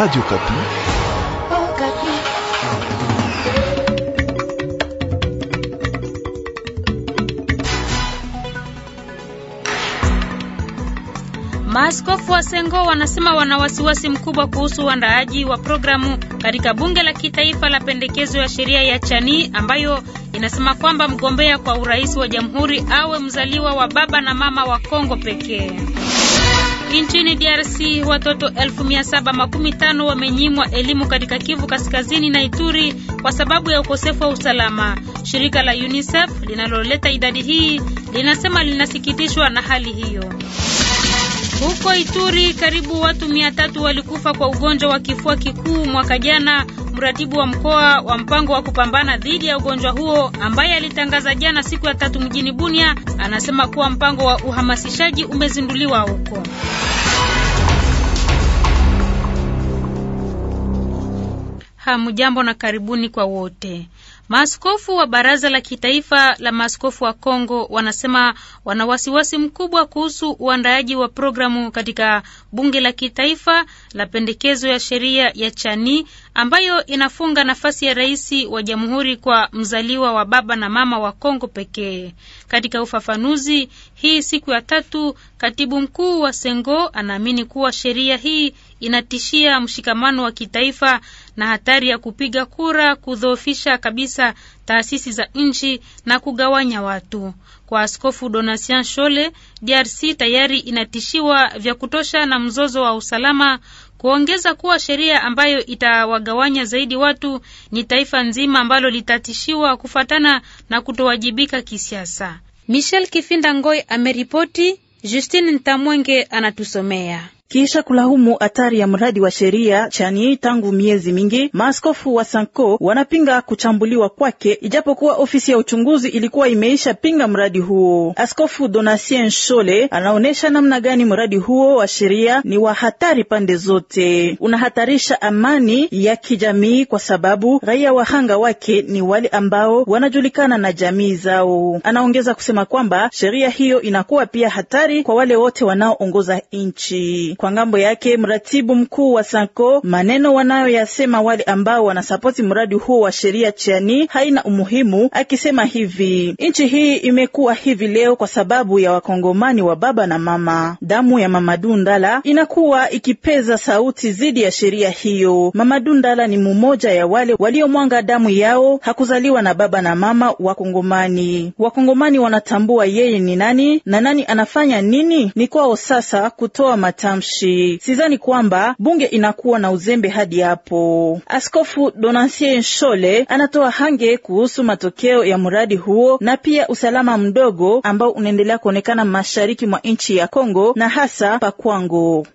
Radio Kapi. Oh, Kapi. Maaskofu wa Sengo wanasema wana wasiwasi mkubwa kuhusu uandaaji wa programu katika bunge la kitaifa la pendekezo ya sheria ya Chani ambayo inasema kwamba mgombea kwa urais wa jamhuri awe mzaliwa wa baba na mama wa Kongo pekee. Nchini DRC watoto 1715 wamenyimwa elimu katika Kivu Kaskazini na Ituri kwa sababu ya ukosefu wa usalama. Shirika la UNICEF linaloleta idadi hii linasema linasikitishwa na hali hiyo. Huko Ituri karibu watu mia tatu walikufa kwa ugonjwa wa kifua kikuu mwaka jana. Mratibu wa mkoa wa mpango wa kupambana dhidi ya ugonjwa huo ambaye alitangaza jana siku ya tatu mjini Bunia anasema kuwa mpango wa uhamasishaji umezinduliwa huko. Hamjambo na karibuni kwa wote. Maaskofu wa Baraza la Kitaifa la Maaskofu wa Kongo wanasema wana wasiwasi mkubwa kuhusu uandaaji wa programu katika bunge la kitaifa la pendekezo ya sheria ya chani ambayo inafunga nafasi ya rais wa jamhuri kwa mzaliwa wa baba na mama wa Kongo pekee. Katika ufafanuzi hii siku ya tatu, katibu mkuu wa Sengo anaamini kuwa sheria hii inatishia mshikamano wa kitaifa na hatari ya kupiga kura kudhoofisha kabisa taasisi za nchi na kugawanya watu. Kwa Askofu Donatien Shole, DRC tayari inatishiwa vya kutosha na mzozo wa usalama, kuongeza kuwa sheria ambayo itawagawanya zaidi watu ni taifa nzima ambalo litatishiwa kufatana na kutowajibika kisiasa. Michel Kifinda Ngoi ameripoti, Justine Ntamwenge anatusomea. Kisha kulaumu hatari ya mradi wa sheria chani tangu miezi mingi, maaskofu wa Sanko wanapinga kuchambuliwa kwake, ijapokuwa ofisi ya uchunguzi ilikuwa imeisha pinga mradi huo. Askofu Donatien Shole anaonyesha namna gani mradi huo wa sheria ni wa hatari pande zote, unahatarisha amani ya kijamii kwa sababu raia wahanga wake ni wale ambao wanajulikana na jamii zao. Anaongeza kusema kwamba sheria hiyo inakuwa pia hatari kwa wale wote wanaoongoza nchi. Kwa ngambo yake, mratibu mkuu wa Sanko, maneno wanayoyasema wale ambao wanasapoti mradi huo wa sheria chani haina umuhimu, akisema hivi: nchi hii imekuwa hivi leo kwa sababu ya wakongomani wa baba na mama. Damu ya Mamadu Ndala inakuwa ikipeza sauti dhidi ya sheria hiyo. Mamadu Ndala ni mmoja ya wale waliomwanga damu yao, hakuzaliwa na baba na mama Wakongomani. Wakongomani wanatambua yeye ni nani na nani anafanya nini. Ni kwao sasa kutoa matamshi nchi. Sidhani kwamba bunge inakuwa na uzembe hadi hapo. Askofu Donatien Nshole anatoa hange kuhusu matokeo ya mradi huo na pia usalama mdogo ambao unaendelea kuonekana mashariki mwa nchi ya Kongo na hasa Pakwango.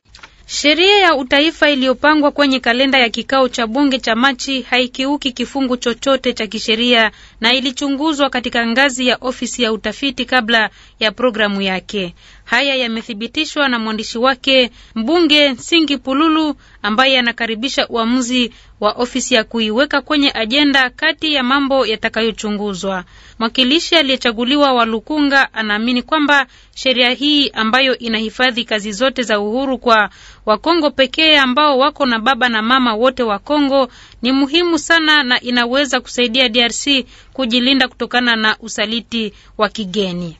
Sheria ya utaifa iliyopangwa kwenye kalenda ya kikao cha bunge cha Machi haikiuki kifungu chochote cha kisheria na ilichunguzwa katika ngazi ya ofisi ya utafiti kabla ya programu yake. Haya yamethibitishwa na mwandishi wake mbunge Nsingi Pululu ambaye anakaribisha uamuzi wa ofisi ya kuiweka kwenye ajenda kati ya mambo yatakayochunguzwa. Mwakilishi aliyechaguliwa wa Lukunga anaamini kwamba sheria hii ambayo inahifadhi kazi zote za uhuru kwa Wakongo pekee ambao wako na baba na mama wote wa Kongo ni muhimu sana na inaweza kusaidia DRC kujilinda kutokana na usaliti wa kigeni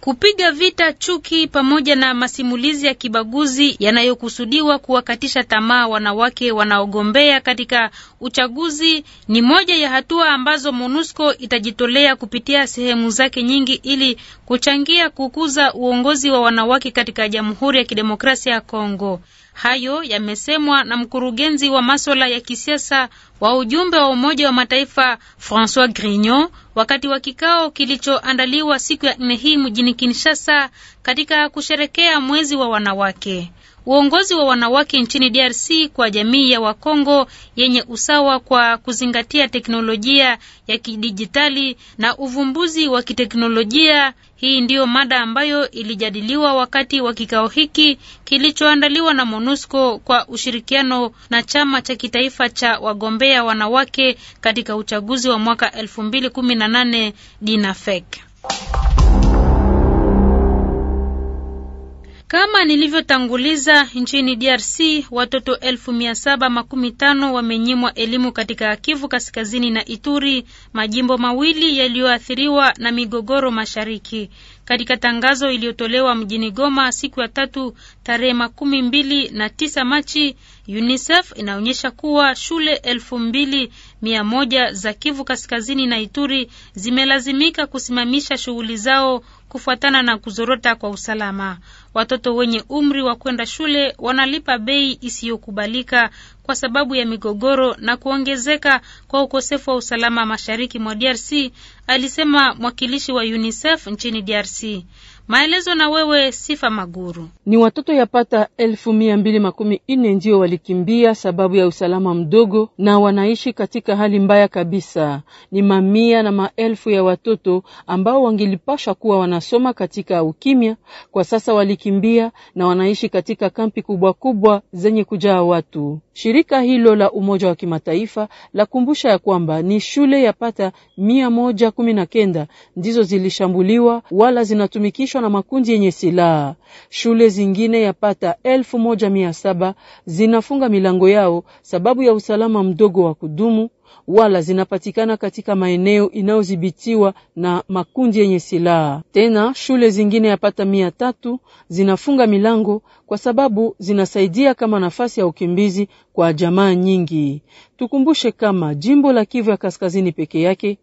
kupiga vita chuki pamoja na masimulizi ya kibaguzi yanayokusudiwa kuwakatisha tamaa wanawake wanaogombea katika uchaguzi ni moja ya hatua ambazo MONUSCO itajitolea kupitia sehemu zake nyingi ili kuchangia kukuza uongozi wa wanawake katika Jamhuri ya Kidemokrasia ya Kongo. Hayo yamesemwa na mkurugenzi wa maswala ya kisiasa wa ujumbe wa Umoja wa Mataifa Francois Grignon wakati wa kikao kilichoandaliwa siku ya nne hii mjini Kinshasa katika kusherekea mwezi wa wanawake uongozi wa wanawake nchini DRC kwa jamii ya Wakongo yenye usawa kwa kuzingatia teknolojia ya kidijitali na uvumbuzi wa kiteknolojia. Hii ndiyo mada ambayo ilijadiliwa wakati wa kikao hiki kilichoandaliwa na MONUSCO kwa ushirikiano na chama cha kitaifa cha wagombea wanawake katika uchaguzi wa mwaka 2018 DINAFEC. Kama nilivyotanguliza, nchini DRC watoto elfu mia saba makumi tano wamenyimwa elimu katika Kivu Kaskazini na Ituri, majimbo mawili yaliyoathiriwa na migogoro mashariki. Katika tangazo iliyotolewa mjini Goma siku ya tatu tarehe makumi mbili na tisa Machi, UNICEF inaonyesha kuwa shule elfu mbili mia moja za Kivu Kaskazini na Ituri zimelazimika kusimamisha shughuli zao kufuatana na kuzorota kwa usalama. Watoto wenye umri wa kwenda shule wanalipa bei isiyokubalika kwa sababu ya migogoro na kuongezeka kwa ukosefu wa usalama mashariki mwa DRC, alisema mwakilishi wa UNICEF nchini DRC. Maelezo na wewe Sifa Maguru. Ni watoto yapata elfu mia mbili makumi nne ndio walikimbia sababu ya usalama mdogo, na wanaishi katika hali mbaya kabisa. Ni mamia na maelfu ya watoto ambao wangelipashwa kuwa wanasoma katika ukimya, kwa sasa walikimbia na wanaishi katika kampi kubwa kubwa zenye kujaa watu. Shirika hilo la Umoja wa Kimataifa la kumbusha ya kwamba ni shule yapata mia moja kumi na kenda ndizo zilishambuliwa wala zinatumikishwa yanayoendeshwa na makundi yenye silaha. Shule zingine yapata elfu moja mia saba zinafunga milango yao sababu ya usalama mdogo wa kudumu wala zinapatikana katika maeneo inayodhibitiwa na makundi yenye silaha. Tena shule zingine yapata mia tatu zinafunga milango kwa sababu zinasaidia kama nafasi ya ukimbizi kwa jamaa nyingi. Tukumbushe kama jimbo la Kivu ya Kaskazini peke yake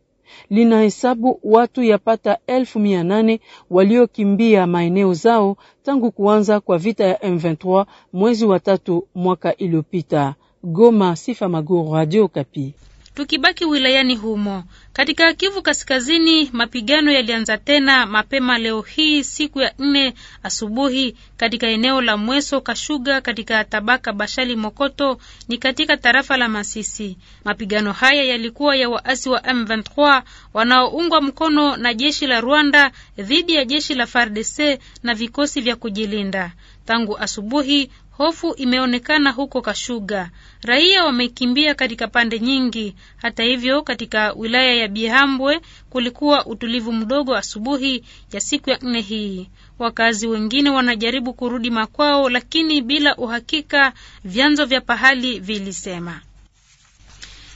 linahesabu watu yapata elfu mia nane waliokimbia maeneo zao tangu kuanza kwa vita ya M23 mwezi wa tatu mwaka iliyopita. Goma, Sifa Maguru, Radio Kapi. Tukibaki wilayani humo, katika Kivu Kaskazini, mapigano yalianza tena mapema leo hii siku ya nne asubuhi katika eneo la Mweso Kashuga katika tabaka Bashali Mokoto ni katika tarafa la Masisi. Mapigano haya yalikuwa ya waasi wa M23 wanaoungwa mkono na jeshi la Rwanda dhidi ya jeshi la FARDC na vikosi vya kujilinda. Tangu asubuhi Hofu imeonekana huko Kashuga, raia wamekimbia katika pande nyingi. Hata hivyo, katika wilaya ya Bihambwe kulikuwa utulivu mdogo asubuhi ya siku ya nne hii. Wakazi wengine wanajaribu kurudi makwao, lakini bila uhakika, vyanzo vya pahali vilisema.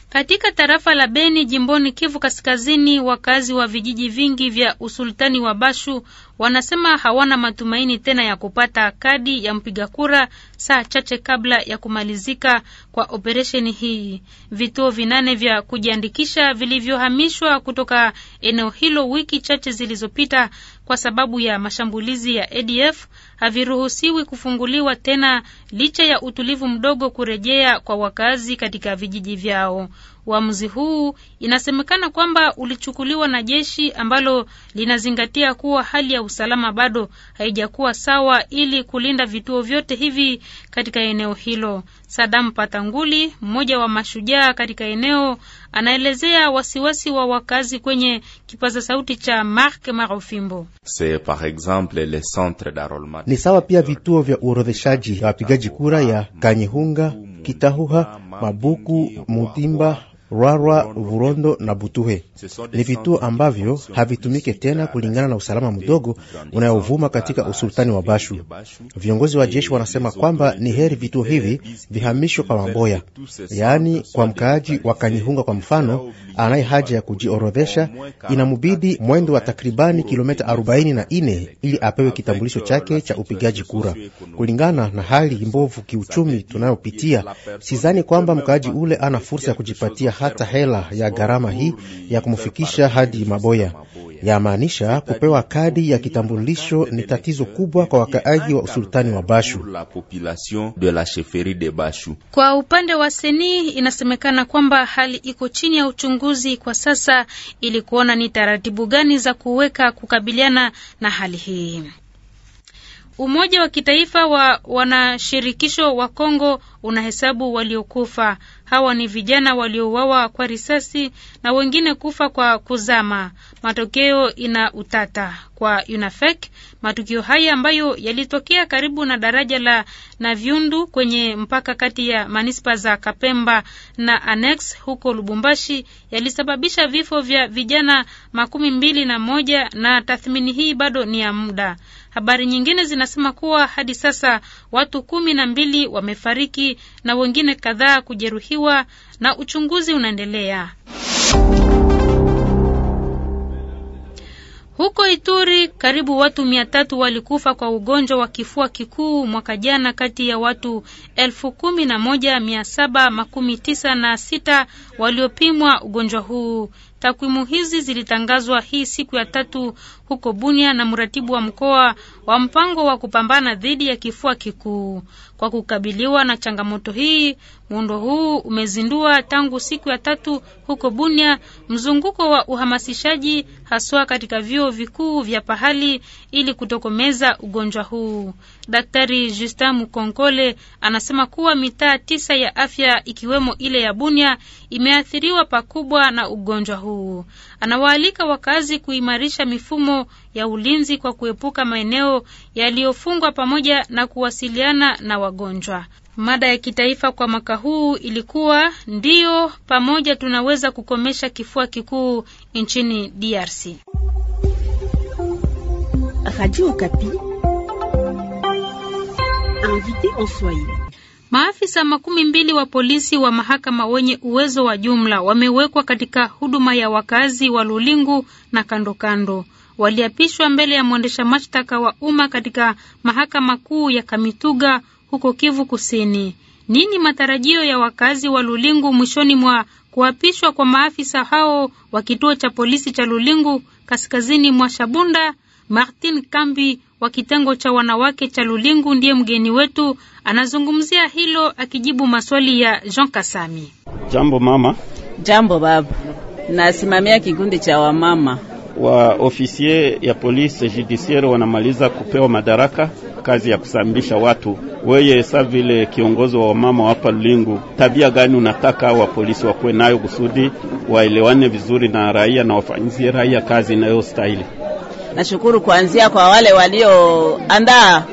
Katika tarafa la Beni jimboni Kivu Kaskazini, wakazi wa vijiji vingi vya usultani wa Bashu wanasema hawana matumaini tena ya kupata kadi ya mpiga kura saa chache kabla ya kumalizika kwa operesheni hii. Vituo vinane vya kujiandikisha vilivyohamishwa kutoka eneo hilo wiki chache zilizopita kwa sababu ya mashambulizi ya ADF haviruhusiwi kufunguliwa tena licha ya utulivu mdogo kurejea kwa wakazi katika vijiji vyao. Uamuzi huu inasemekana kwamba ulichukuliwa na jeshi ambalo linazingatia kuwa hali ya usalama bado haijakuwa sawa ili kulinda vituo vyote hivi katika eneo hilo. Sadam Patanguli, mmoja wa mashujaa katika eneo, anaelezea wasiwasi wa wakazi kwenye kipaza sauti cha Mark Marofimbo. Ni sawa pia vituo vya uorodheshaji ya wapigaji kura ya Kanyehunga Kitahuha, Mabuku, Mutimba, Rwarwa, Vurondo na Butuhe ni vituo ambavyo havitumike tena kulingana na usalama mdogo unayovuma katika usultani wa Bashu. Viongozi wa jeshi wanasema kwamba ni heri vituo hivi vihamishwe kwa Maboya, yaani kwa mkaaji wa Kanyihunga. Kwa mfano, anaye haja ya kujiorodhesha inamubidi mwendo wa takribani kilomita 44 ili apewe kitambulisho euh, chake cha upigaji kura. Kulingana na hali mbovu kiuchumi tunayopitia, sizani kwamba mkaaji ule ana fursa ya kujipatia hata hela ya gharama hii ya kumfikisha hadi Maboya. Yamaanisha kupewa kadi ya kitambulisho ni tatizo kubwa kwa wakaaji wa usultani wa Bashu. Kwa upande wa Seni, inasemekana kwamba hali iko chini ya uchunguzi kwa sasa ili kuona ni taratibu gani za kuweka kukabiliana na hali hii. Umoja wa Kitaifa wa Wanashirikisho wa Kongo unahesabu waliokufa. Hawa ni vijana waliouawa kwa risasi na wengine kufa kwa kuzama. Matokeo ina utata kwa UNAFEC. Matukio haya ambayo yalitokea karibu na daraja la Navyundu kwenye mpaka kati ya manispa za Kapemba na Annex huko Lubumbashi yalisababisha vifo vya vijana makumi mbili na moja na tathmini hii bado ni ya muda. Habari nyingine zinasema kuwa hadi sasa watu kumi na mbili wamefariki na wengine kadhaa kujeruhiwa na uchunguzi unaendelea. Huko Ituri karibu watu mia tatu walikufa kwa ugonjwa wa kifua kikuu mwaka jana kati ya watu elfu kumi na moja mia saba makumi tisa na sita waliopimwa ugonjwa huu. Takwimu hizi zilitangazwa hii siku ya tatu huko Bunia na mratibu wa mkoa wa mpango wa kupambana dhidi ya kifua kikuu. Kwa kukabiliwa na changamoto hii, muundo huu umezindua tangu siku ya tatu huko Bunia mzunguko wa uhamasishaji haswa katika vyuo vikuu vya pahali ili kutokomeza ugonjwa huu. Daktari Justin Mukonkole anasema kuwa mitaa tisa ya afya ikiwemo ile ya Bunia imeathiriwa pakubwa na ugonjwa huu. Anawaalika wakazi kuimarisha mifumo ya ulinzi kwa kuepuka maeneo yaliyofungwa pamoja na kuwasiliana na wagonjwa. Mada ya kitaifa kwa mwaka huu ilikuwa ndiyo pamoja tunaweza kukomesha kifua kikuu nchini DRC. Radio Kapi. Invité en Swahili. Maafisa makumi mbili wa polisi wa mahakama wenye uwezo wa jumla wamewekwa katika huduma ya wakazi wa Lulingu na kando kando. Waliapishwa mbele ya mwendesha mashtaka wa umma katika mahakama kuu ya Kamituga huko Kivu Kusini. Nini matarajio ya wakazi wa Lulingu mwishoni mwa kuapishwa kwa maafisa hao wa kituo cha polisi cha Lulingu kaskazini mwa Shabunda? Martin Kambi wa kitengo cha wanawake cha Lulingu ndiye mgeni wetu, anazungumzia hilo akijibu maswali ya Jean Kasami. Jambo mama. Jambo baba. Nasimamia kikundi cha wamama wa ofisier ya polisi judiciaire wanamaliza kupewa madaraka kazi ya kusambisha watu. Weye sa vile kiongozi wa wamama hapa Lulingu, tabia gani unataka wa polisi wakuwe nayo kusudi waelewane vizuri na raia na wafanyizie raia kazi inayostahili? Nashukuru kuanzia kwa wale walioandaa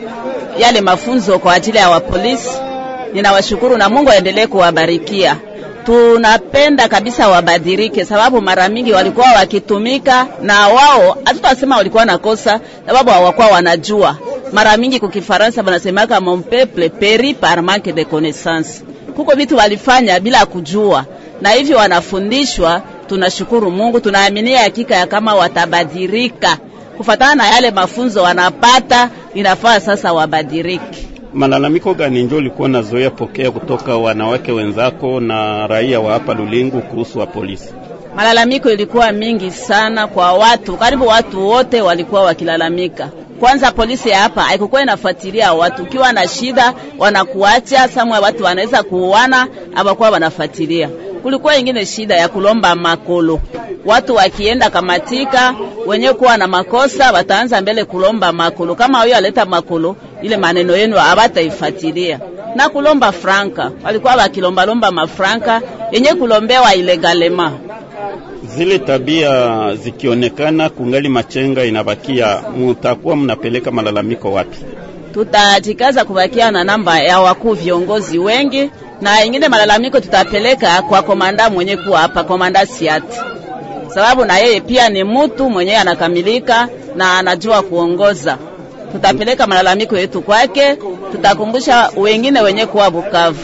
yale mafunzo kwa ajili ya wapolisi, ninawashukuru na Mungu aendelee kuwabarikia. Tunapenda kabisa wabadirike sababu mara mingi walikuwa wakitumika na wao, hatutasema walikuwa na kosa, sababu hawakuwa wanajua. Mara mingi kukifaransa banasemaka mon peuple peri par manque de connaissance, kuko vitu walifanya bila kujua, na hivyo wanafundishwa. Tunashukuru Mungu, tunaaminia hakika ya kama watabadirika kufatana na yale mafunzo wanapata, inafaa sasa wabadiriki. Malalamiko gani njo ulikuwa nazoea pokea kutoka wanawake wenzako na raia wa hapa Lulingu kuhusu wa polisi? Malalamiko ilikuwa mingi sana kwa watu, karibu watu wote walikuwa wakilalamika. Kwanza polisi ya hapa haikukuwa inafuatilia watu, ukiwa na shida wanakuacha samwa, watu wanaweza kuuana, abakuwa wanafuatilia. Kulikuwa ingine shida ya kulomba makolo watu wakienda kamatika wenye kuwa na makosa wataanza mbele kulomba makulu Kama huyo aleta makulu ile maneno yenu habataifuatilia na kulomba franka. Walikuwa wakilombalomba mafranka yenye kulombewa ilegalema. Zile tabia zikionekana, kungali machenga inabakia, mutakuwa mnapeleka malalamiko wapi? tutatikaza kubakia na namba ya wakuu viongozi wengi, na ingine malalamiko tutapeleka kwa komanda mwenye kuwa hapa, komanda Siati sababu na yeye pia ni mutu mwenyewe anakamilika na anajua kuongoza. Tutapeleka malalamiko yetu kwake, tutakumbusha wengine wenye kuwa Bukavu.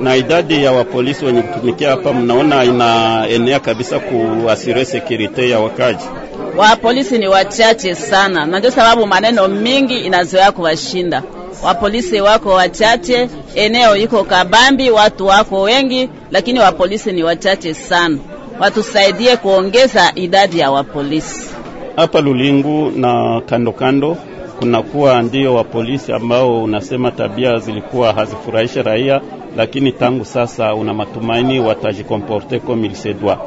Na idadi ya wapolisi wenye kutumikia hapa, mnaona inaenea kabisa kuasire sekurite ya wakaji. Wapolisi ni wachache sana, na ndio sababu maneno mingi inazoea kuwashinda wapolisi wako wachache, eneo iko kabambi, watu wako wengi, lakini wapolisi ni wachache sana watusaidie kuongeza idadi ya wapolisi hapa Lulingu na kando kando kunakuwa ndiyo wapolisi ambao unasema tabia zilikuwa hazifurahishe raia, lakini tangu sasa una matumaini watajikomporte comme il se doit.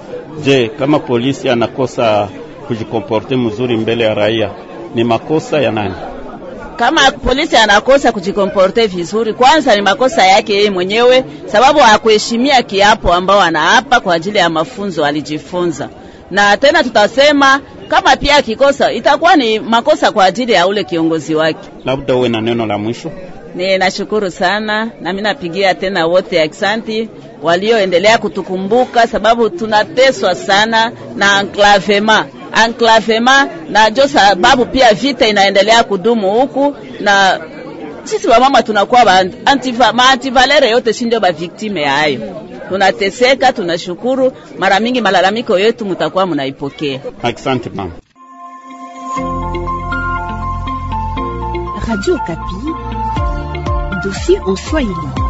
Je, kama polisi anakosa kujikomporte mzuri mbele ya raia ni makosa ya nani? Kama polisi anakosa kujikomporte vizuri, kwanza ni makosa yake yeye mwenyewe, sababu hakuheshimia kiapo ambao anaapa kwa ajili ya mafunzo alijifunza. Na tena tutasema kama pia akikosa itakuwa ni makosa kwa ajili ya ule kiongozi wake. Labda uwe na neno la mwisho. Ni nashukuru sana, mimi napigia tena wote aksanti walioendelea kutukumbuka, sababu tunateswa sana na enclavement enclavement, na jo sababu pia vita inaendelea kudumu huku, na sisi wamama tunakuwa maantivalere yote si ndio baviktime hayo tunateseka. Tunashukuru mara mingi malalamiko yetu mutakuwa munaipokea. Asante mama. Radio Kapi, dossier en Swahili.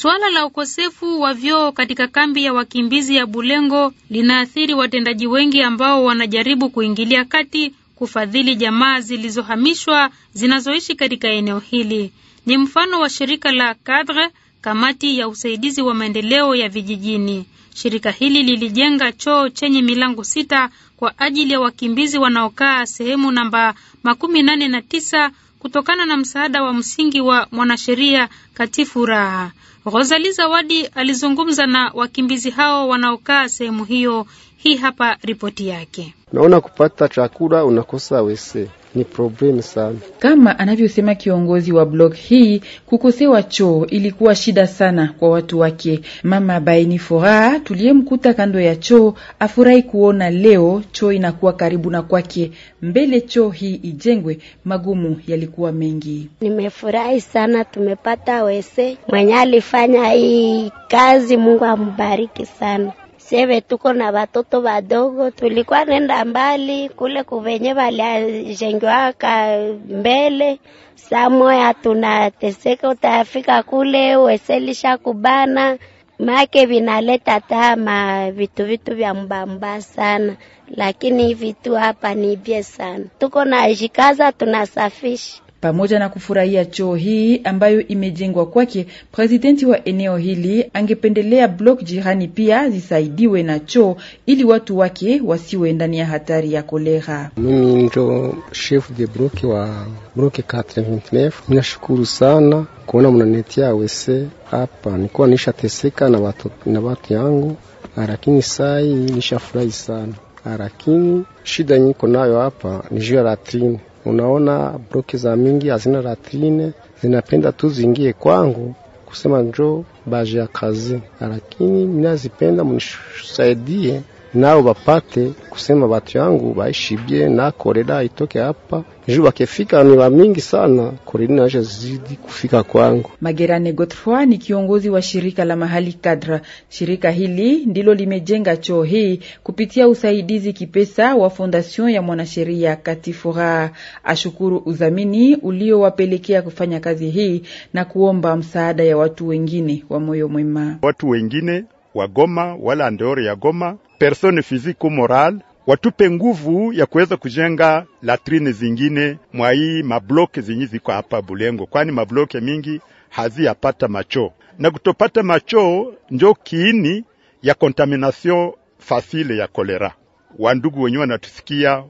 Suala la ukosefu wa vyoo katika kambi ya wakimbizi ya Bulengo linaathiri watendaji wengi ambao wanajaribu kuingilia kati kufadhili jamaa zilizohamishwa zinazoishi katika eneo hili. Ni mfano wa shirika la Cadre, kamati ya usaidizi wa maendeleo ya vijijini. Shirika hili lilijenga choo chenye milango sita kwa ajili ya wakimbizi wanaokaa sehemu namba makumi nane na tisa kutokana na msaada wa msingi wa mwanasheria Katifu Raha. Rosalie Zawadi alizungumza na wakimbizi hao wanaokaa sehemu hiyo. Hii hapa ripoti yake. Naona kupata chakula unakosa wese ni problem sana. Kama anavyosema kiongozi wa blog hii, kukosewa choo ilikuwa shida sana kwa watu wake. Mama Baini Fora tuliyemkuta kando ya choo afurahi kuona leo choo inakuwa karibu na kwake. Mbele choo hii ijengwe, magumu yalikuwa mengi. Nimefurahi sana tumepata wese, mwenye alifanya hii kazi, Mungu ambariki sana seve tuko na watoto wadogo, tulikuwa nenda mbali kule kuvenye valiajengiwaka mbele samoya, tunateseka. Utafika kule weselisha kubana make vinaleta tama vitu vitu vya mbamba sana, lakini vitu hapa ni vye sana. Tuko na jikaza, tunasafisha pamoja na kufurahia choo hii ambayo imejengwa kwake, presidenti wa eneo hili angependelea blok jirani pia zisaidiwe na choo ili watu wake wasiwe ndani ya hatari ya kolera. Mimi ndo chef de block wa block 429. Ninashukuru sana kuona mnanetia wese hapa, nikuwa nishateseka na watu na watu yangu, lakini sai nishafurahi sana, lakini shida niko nayo hapa ni juu ya latrine Unaona, broki za mingi hazina latrine, zinapenda tu ziingie kwangu kusema njo baje ya kazi, lakini minazipenda mnisaidie nao bapate kusema batu yangu baishibye na koreda itoke hapa juu bakefika ni wa mingi sana, korina naisha zidi kufika kwangu. Magerane Godfrey ni kiongozi wa shirika la mahali Kadra. Shirika hili ndilo limejenga choo hii kupitia usaidizi kipesa wa Fondation ya mwanasheria Katifura. Ashukuru udhamini uliowapelekea kufanya kazi hii na kuomba msaada ya watu wengine wa moyo mwema, watu wengine wa Goma wala andeori ya Goma, persone physique ou morale watupe nguvu ya kuweza kujenga latrine zingine mwa hii mabloke zinyi ziko hapa Bulengo, kwani mabloke mingi haziyapata macho na kutopata macho njo kiini ya contamination facile ya kolera. Wandugu wenyewe wanatusikia,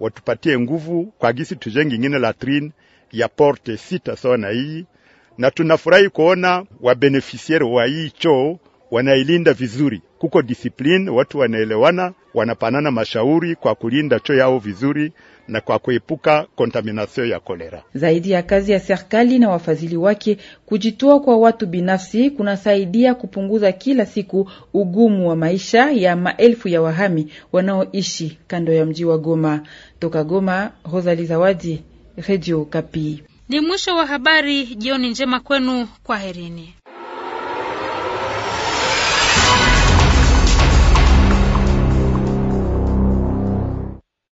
watupatie nguvu kwa gisi tujenge ingine latrine ya porte sita sawa na hii, na tunafurahi kuona wabenefisieri wa hii choo wanailinda vizuri, kuko discipline, watu wanaelewana, wanapanana mashauri kwa kulinda choo yao vizuri na kwa kuepuka kontaminasio ya kolera. Zaidi ya kazi ya serikali na wafadhili wake, kujitoa kwa watu binafsi kunasaidia kupunguza kila siku ugumu wa maisha ya maelfu ya wahami wanaoishi kando ya mji wa Goma. Toka Goma, Rosali Zawadi, Radio Kapi. Ni mwisho wa habari. Jioni njema kwenu, kwaherini.